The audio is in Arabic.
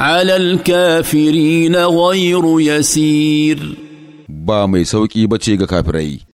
على الكافرين غير يسير بامي سوكي بچي غا كافري